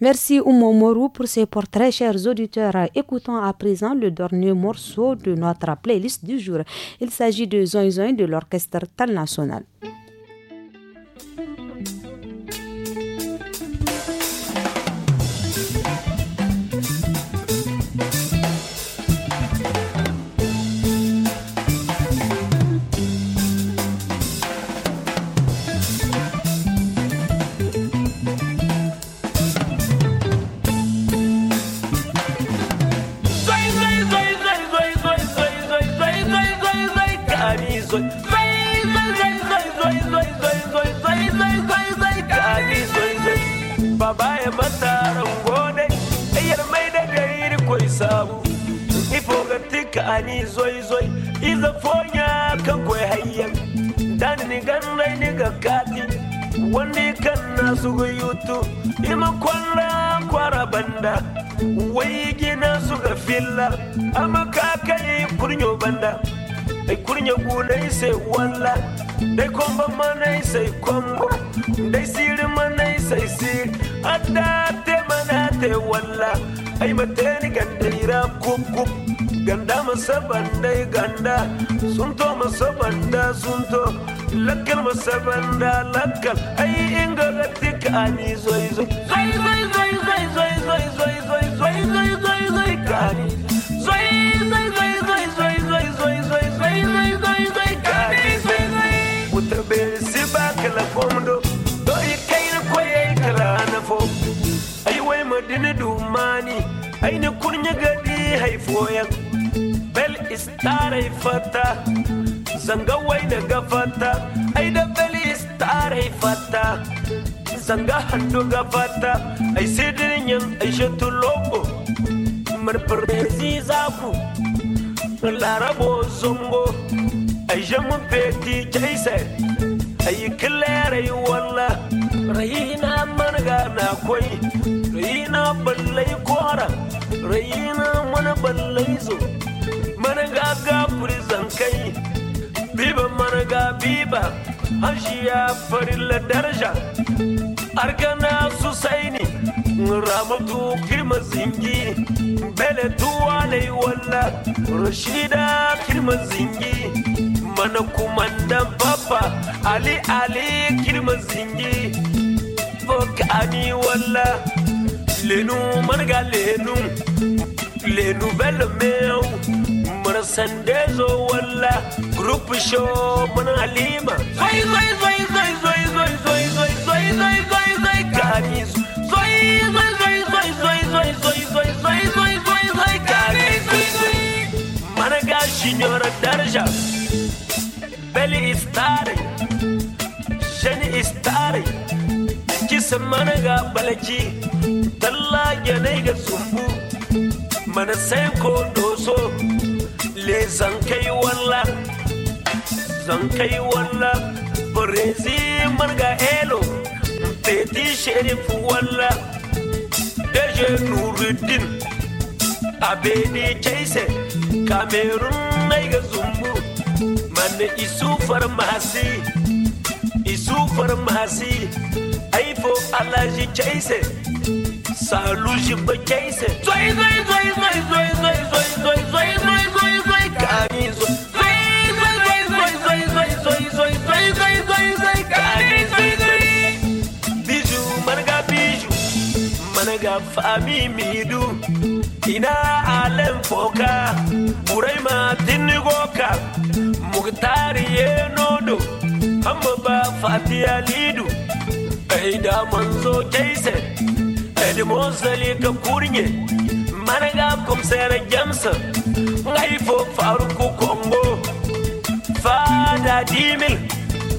Merci Oumo Morou pour ces portraits, chers auditeurs. Écoutons à présent le dernier morceau de notre playlist du jour. Il s'agit de Zoin Zoin de l'orchestre Tal National. bomba manai sai kwambo dai siri manai sai siri adate manate wala, ai mateni gandai rap kup kup ganda masabanda bandai ganda sunto masabanda sunto lakal masabanda lakal. lakkal ai inga gatika ani handuga bata ay sidirinyan ay shatu lobo mar parmezi zaku larabo zongo ay jamu peti jaise ay kilere walla rayina marga na koi rayina ballai kora rayina mana ballai zo mana gaga prison kai biba mana ga biba hashiya farilla daraja arganaa susayni ramatu kirma zingi beletu walay walla rashida kirma zingi mana kumandan papa ali ali kirma zingi fokani walla lenu manga lenu lenu bella meu mana sandezo walla group show mana zoi zoi zoi zoi zoi zoi zoi zoi zoi zoi carniço. Zoi, zoi, zoi, zoi, zoi, zoi, zoi, zoi, zoi, zoi, zoi, zoi, carniço. Marga, senhora, darja. Beli estare. Gene estare. Kisa managa balaci. Talla yanega sumbu. Mana sai ko doso. Le zankai walla. Zankai walla. Brezi marga elo. سيدي شريف ولا دجا نور الدين أبيدي جيسة كاميرون نيغا زمبو من إسو فرماسي إسو فرماسي أيفو ألاجي جيسة سالوجي بجيسة زوي زوي زوي زوي زوي زوي زوي زوي زوي زوي زوي زوي زوي shaf ami midu ina alem foka burai ma tinigoka muktari nodo amma ba fatiya lidu kai da manzo jaise edi mozali ka kurnye managa komsera jamsa ngai fo faruku kongo fada dimil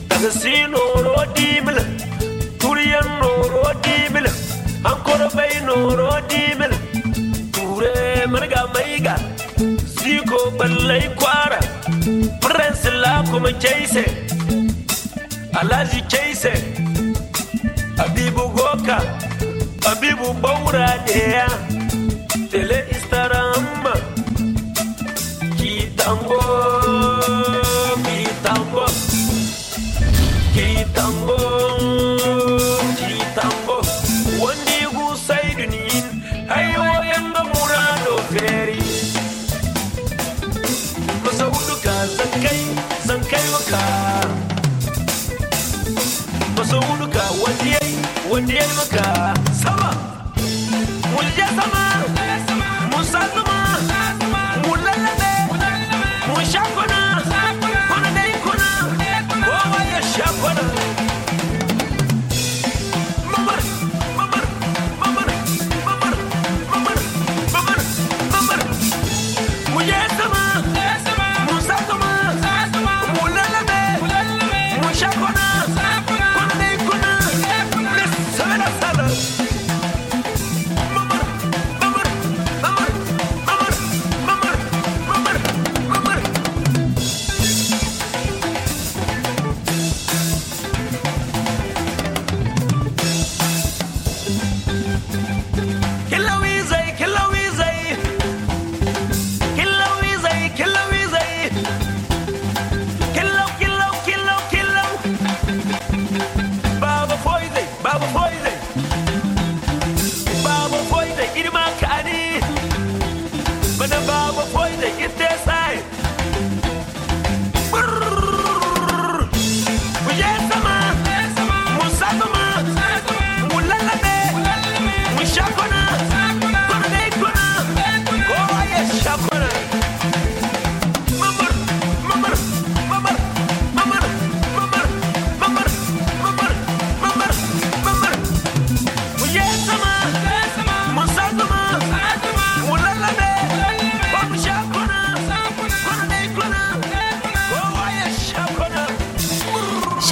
daga sinoro dimil turiyan noro dimil ankora bay noro dimel ture marga maiga siko ballai kwara prince la kuma chase alaji chase abibu goka abibu baura deya tele istaramba kitambo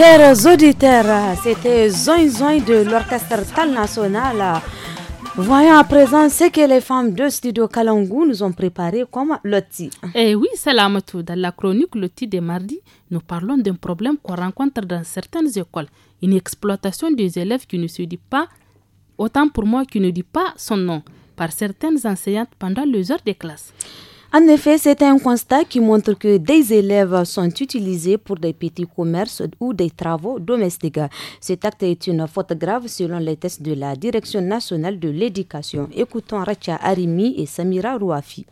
Chers auditeurs, c'était Zoin Zoin de l'orchestre Tal National. Voyons à présent ce que les femmes de Studio Kalangu nous ont préparé comme loti. Eh oui, Salamatou, dans la chronique loti de mardi, nous parlons d'un problème qu'on rencontre dans certaines écoles, une exploitation des élèves qui ne se dit pas, autant pour moi qui ne dit pas son nom, par certaines enseignantes pendant les heures de classe. En effet, c'est un constat qui montre que des élèves sont utilisés pour des petits commerces ou des travaux domestiques. Cet acte est une faute grave selon les tests de la Direction nationale de l'éducation. Écoutons Racha Arimi et Samira Rouafi.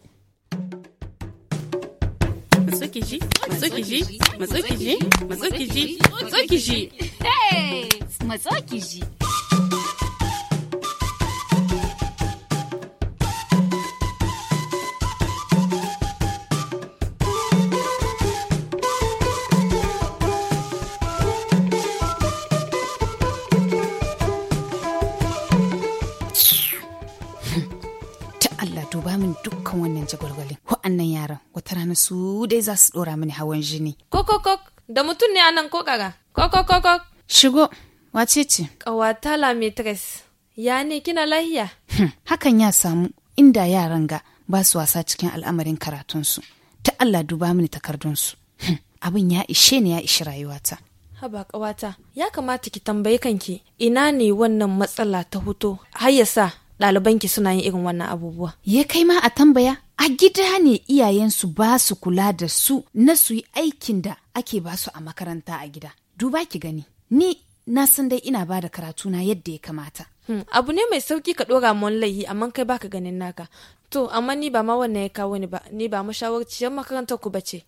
kan wannan jagwalgwalin wa'annan yaran wata rana su dai za su dora mini hawan jini kokokok da mutum ne anan kokara kokokok shigo wace ce kawata la mistress ya ne kina lahiya hmm, hakan ya samu inda yaran ga ba su wasa cikin al'amarin karatunsu ta Allah duba mini takardunsu hmm, abin ya ishe ni ya ishi rayuwata haba kawata ya kamata ki tambayi kanki ina ne wannan matsala ta huto har ya sa ɗalibanki suna yin irin wannan abubuwa. Ya kai ma a tambaya, a gida ne iyayensu ba su kula da su na su yi aikin da ake ba su a makaranta a gida. Duba ki gani, ni na san dai ina ba da karatuna yadda ya kamata. Hmm, abu ne mai sauki ka ɗora mun laihi amma kai baka ganin naka. To, amma ni ba ma wannan ya kawo ni ba, ni ba mashawarciyar makarantar ku ba ce.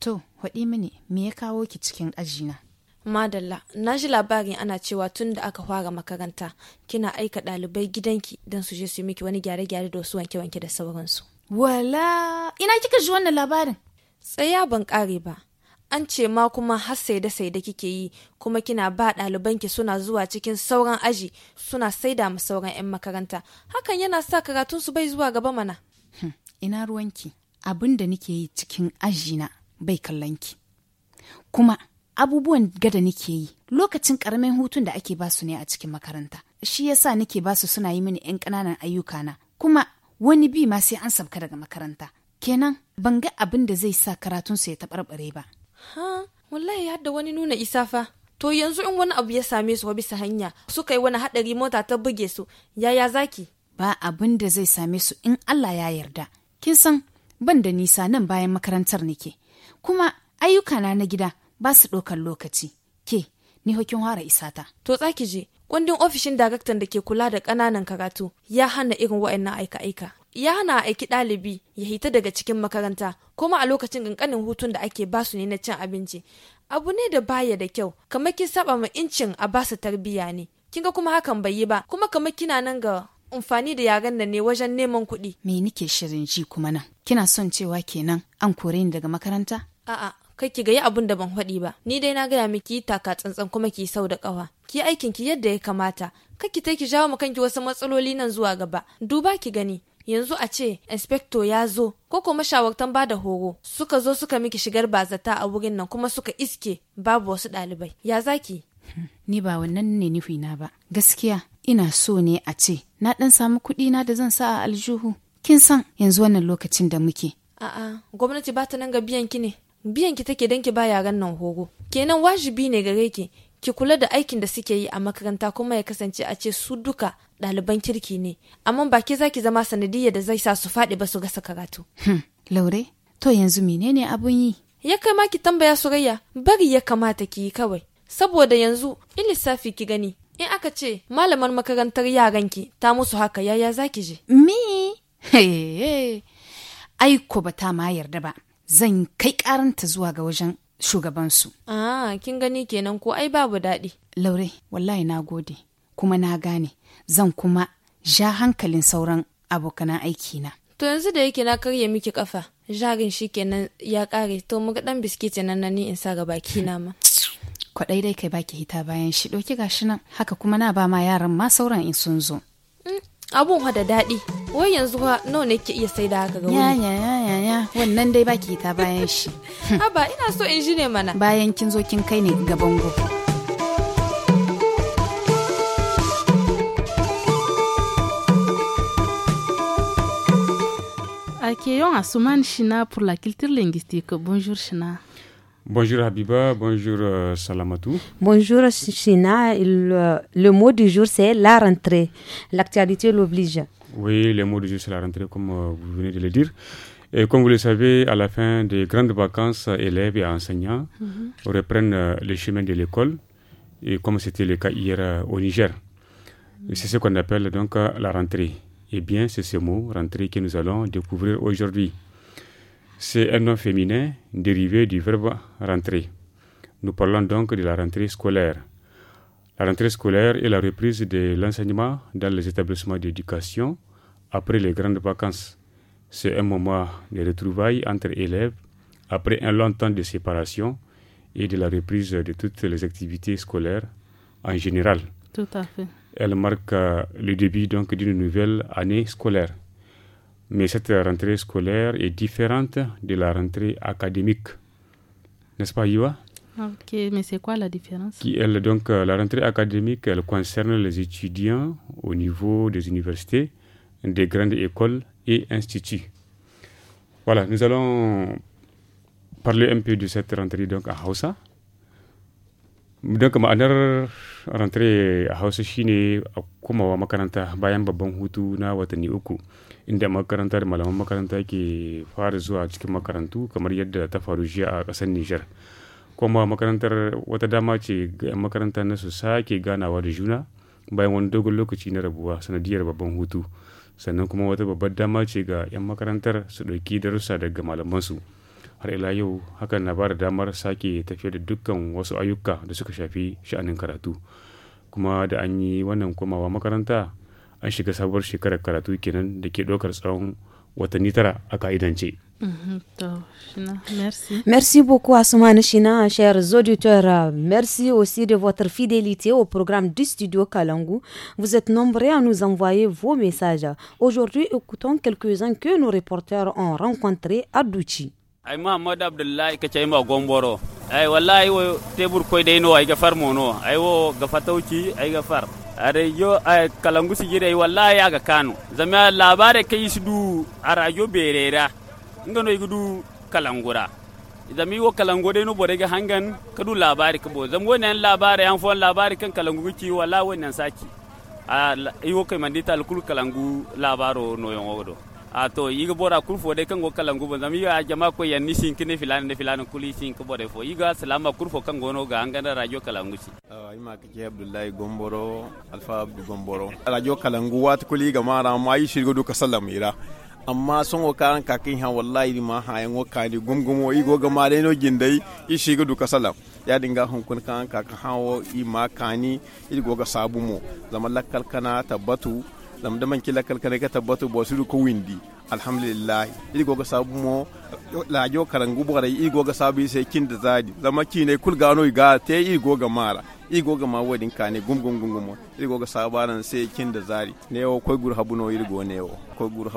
To, haɗi mini, me ya kawo ki cikin ajina? Madalla, na ji labarin ana cewa tun da aka fara makaranta kina aika ɗalibai gidanki don su je su yi miki wani gyare-gyare da wasu wanke-wanke da sauransu. Wala, ina kika ji wannan labarin? Tsaya ban kare ba. An ce ma kuma har saida saida kike yi kuma kina ba ɗalibanki suna zuwa cikin sauran aji suna saida ma sauran 'yan makaranta. Hakan yana sa karatun su bai zuwa gaba mana. Hmm, ina ruwanki, abin da nike yi cikin aji na bai kallonki. Kuma abubuwan gada nake yi lokacin karamin hutun da ake basu ne a cikin makaranta shi yasa nake basu suna yi mini yan ƙananan ayyuka na kuma wani bi ma sai an sabka daga makaranta kenan ban ga abin da zai sa karatun su ya taɓarɓare ba ha wallahi hadda wani nuna isa fa to yanzu in wani abu ya same su bisa hanya suka yi wani haɗari mota ta buge su yaya zaki ba abin da zai same su in Allah ya yarda kin san ban da nisa nan bayan makarantar nake kuma ayyukana na gida ba su ɗaukar lokaci ke ni hokin hara isata to tsaki je kundin ofishin daraktan da ke kula da ƙananan karatu ya hana irin wa'annan aika-aika ya hana aiki ɗalibi ya hita daga cikin makaranta kuma a lokacin ƙanƙanin hutun da ake ba su ne na cin abinci abu ne da baya da kyau kamar kin saba ma incin a ba su tarbiyya ne kinga kuma hakan bai yi ba kuma kamar kina nan ga amfani da yaren nan ne wajen neman kuɗi me nike shirin ji kuma nan kina son cewa kenan an kore ni daga makaranta a'a kai ki ga yi abun da ban haɗi ba ni dai na gaya miki taka tsantsan kuma ki sau da ƙawa ki aikin ki yadda ya kamata ki ta ki jawo kanki wasu matsaloli nan zuwa gaba duba ki gani yanzu a ce inspecto ya zo ko kuma shawartan ba da horo suka zo suka miki shigar bazata a wurin nan kuma suka iske babu wasu ɗalibai ya zaki ni ba wannan ne nufina ba gaskiya ina so ne a ce na ɗan samu kuɗi na da zan sa a aljihu kin san yanzu wannan lokacin da muke a'a gwamnati ba ta nan ga biyan ki ne biyan ki take dan ki ba yaran nan horo kenan wajibi ne gare ki ki kula da aikin da suke yi a makaranta kuma ya kasance a ce su duka ɗaliban kirki ne amma ba za zaki zama sanadiya da zai sa su faɗi ba su gasa karatu. Hmm. laure to yanzu menene abun yi. ya kai ma ki tambaya surayya bari ya kamata ki yi kawai saboda yanzu in lissafi ki gani in aka ce malamar makarantar yaran ki ta musu haka yaya zaki je. mi ai ku ba ta ma yarda ba zan kai karanta zuwa ga wajen shugabansu. Ah, kin gani kenan ko ai babu daɗi. Laure, wallahi na gode, kuma na gane, zan kuma ja hankalin sauran abokanan aikina. To yanzu da yake na karya miki kafa, jarin shi kenan ya kare, to mu ɗan biskiti nan na ni in sa ga baki na ma. Kwaɗai dai kai baki hita bayan shi ɗauki gashi nan, haka kuma na ba ma yaran ma sauran in sun zo. Mm, abun da daɗi. wai yanzu ha nawa ne ke iya sai da haka ga wani ya ya ya ya wannan dai baki ta bayan shi haba ina so in ji ne mana bayan kin zo kin kai ne ga bango Accueillons Asuman Shina pour la culture linguistique. Bonjour Shina. Bonjour Habiba, bonjour euh, Salamatou. Bonjour Shina, le, euh, le mot du jour c'est la rentrée. L'actualité l'oblige. Oui, le mot de jeu, c'est la rentrée, comme euh, vous venez de le dire. Et comme vous le savez, à la fin des grandes vacances, élèves et enseignants mhm. reprennent euh, le chemin de l'école, et comme c'était le cas hier euh, au Niger. C'est ce qu'on appelle donc la rentrée. Et eh bien, c'est ce mot, rentrée, que nous allons découvrir aujourd'hui. C'est un nom féminin dérivé du verbe rentrer. Nous parlons donc de la rentrée scolaire. La rentrée scolaire et la reprise de l'enseignement dans les établissements d'éducation après les grandes vacances. C'est un moment de retrouvailles entre élèves après un long temps de séparation et de la reprise de toutes les activités scolaires en général. Tout à fait. Elle marque euh, le début donc d'une nouvelle année scolaire. Mais cette rentrée scolaire est différente de la rentrée académique. N'est-ce pas, Yua ah, ok, mais c'est quoi la différence elle, donc, euh, La rentrée académique, elle concerne les étudiants au niveau des universités, des grandes écoles et instituts. Voilà, nous allons parler un peu de cette rentrée donc, à Hausa. Donc ma dernière rentrée à Hausa shine a komawa makaranta bayan babban hutu na watanni uku inda makaranta da malaman makaranta ke fara zuwa cikin makarantu kamar yadda ta faru jiya a ƙasar Niger. kuma makarantar wata dama ce ga 'yan makaranta na su sake ganawa da juna bayan wani dogon lokaci na rabuwa sanadiyar babban hutu sannan kuma wata babbar dama ce ga 'yan makarantar su ɗauki darussa daga malamansu har ila yau hakan na bada damar sake tafiya da dukkan wasu ayyuka da suka shafi sha'anin karatu kuma da an yi wannan komawa makaranta an shiga sabuwar shekarar karatu kenan da ke ɗaukar tsawon watanni tara a ka'idance. Mhm, Merci. Merci beaucoup à Soumane China, chers auditeurs. Merci aussi de votre fidélité au programme du studio Kalangu. Vous êtes nombreux à nous envoyer vos messages. Aujourd'hui, écoutons quelques-uns que nos reporters ont rencontrés à Douchi. ay mahamad abdullahi ka ma gomboro ay wallahi wo tebur koy deyno ay gafar mono ay wo gafatawci ay gafar are yo ay kalangu si ay wallahi aga kanu zama labare kay sudu arajo berera ngano igudu kalangura mi wo kalangode no borege hangan kadu labari ka zam zam wonen labari an fon labari kan kalangu ki wala an saki a iwo kai mandita alkul kalangu labaro no yongodo a to yiga bora kul fo de go kalangu bo zam ya jama ko yan ni sin kine filan ne filan kuli sin ko bore fo yiga salama kul fo go no ga hangan radio kalangu ci ay ma ke abdullahi gomboro alfa abdu gomboro radio kalangu wat kuli ga mara mai yi shirgo du kasallamira amma sun wa karan kakin ha wallahi ma yan waka kani gumgumo i goga ma dai no gindai i shiga duka salam ya dinga hunkun kan ha hawo i ma kani i goga sabu mo zama lakkal kana tabbatu lam da man kila kalkane ka tabbatu bo su ko windi alhamdulillah i goga sabu mo la jo karangu bo i goga sabu sai kin da zadi zama kine kul gano i ga te i goga mara igo ga mawo ka ne gum gum gum gum igo ga sabaran sai kin da zari ne yo koy gur habu no irgo ne yo koy gur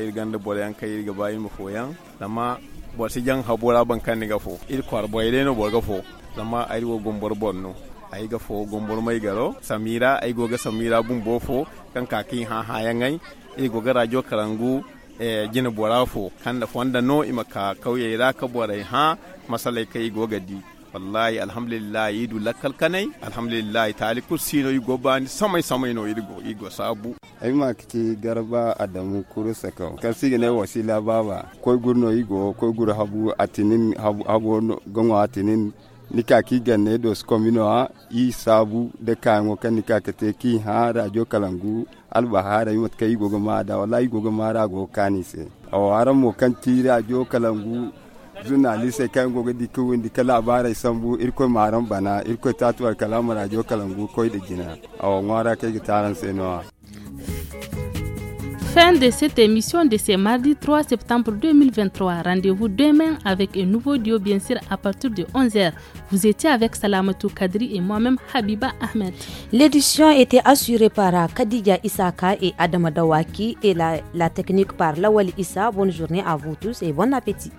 irgan da bolyan kai irga bayin mu foyan lama bor si jang ra ban kan ga fo ir kwar boy ne no bor ga fo lama ari wo gum bor bonno ai ga fo gum bor mai garo samira ai go ga samira bum bo fo kan kakin ha ha yangai igo ga rajo karangu eh, jina bora fo kan da fonda no imaka kauye ra ka borai ha masalai kai go gadi wallahi alhamdulillah yidu lakkal kanai alhamdulillah tali kursino yi goba ni samai samai no yi go sabu ai ma kiti garba adamu kuru saka kasi ne wasila baba koy gurno yigo koy gur habu atinin habu habu gongo atinin nika ki ganne dos komino ha yi sabu de kango kan nika kete ki ha radio kalangu albahara yi matka yigo ma da wallahi yigo ma ra go kanise awaran mo kan ti radio kalangu Fin de cette émission de ce mardi 3 septembre 2023. Rendez-vous demain avec un nouveau duo, bien sûr, à partir de 11h. Vous étiez avec Salamatou Kadri et moi-même Habiba Ahmed. L'édition était assurée par Kadija Isaka et Adam Dawaki et la, la technique par Lawali Issa. Bonne journée à vous tous et bon appétit.